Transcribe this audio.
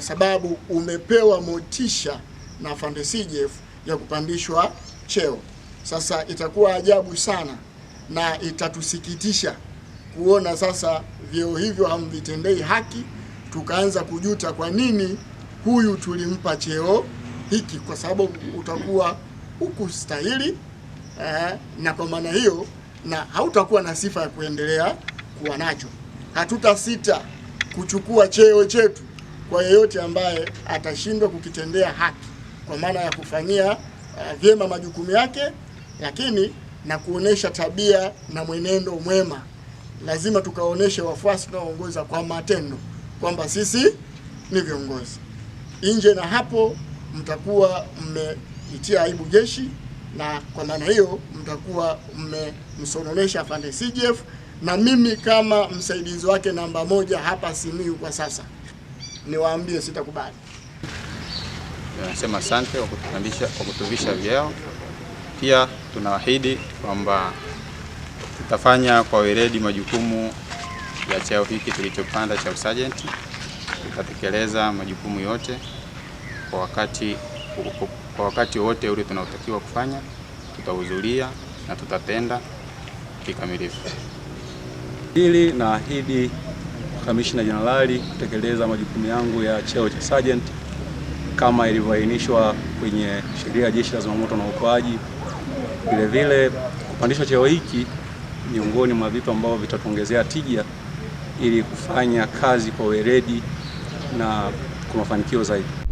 kwa sababu umepewa motisha na afande CJF ya kupandishwa cheo. Sasa itakuwa ajabu sana na itatusikitisha kuona sasa vyeo hivyo hamvitendei haki, tukaanza kujuta kwa nini huyu tulimpa cheo hiki, kwa sababu utakuwa hukustahili eh, na kwa maana hiyo na hautakuwa na sifa ya kuendelea kuwa nacho. Hatutasita kuchukua cheo chetu kwa yeyote ambaye atashindwa kukitendea haki kwa maana ya kufanyia uh, vyema majukumu yake, lakini na kuonesha tabia na mwenendo mwema. Lazima tukaoneshe wafuasi tunaoongoza kwa matendo kwamba sisi ni viongozi. Nje na hapo, mtakuwa mmeitia aibu jeshi, na kwa maana hiyo mtakuwa mmemsononesha afande CGF na mimi kama msaidizi wake namba moja hapa Simiyu kwa sasa niwaambie sitakubali. Nasema asante kwa kwa kutuvisha vyeo. Pia tunaahidi kwamba tutafanya kwa weledi majukumu ya cheo hiki tulichopanda cha usajenti, tutatekeleza majukumu yote kwa wakati kwa wakati wote ule tunaotakiwa kufanya, tutahudhuria na tutatenda kikamilifu. Hili naahidi kamishna jenerali kutekeleza majukumu yangu ya cheo cha sergeant kama ilivyoainishwa kwenye sheria ya Jeshi la Zimamoto na Uokoaji. Vile vile kupandishwa cheo hiki miongoni mwa vitu ambavyo vitatuongezea tija ili kufanya kazi kwa weledi na kwa mafanikio zaidi.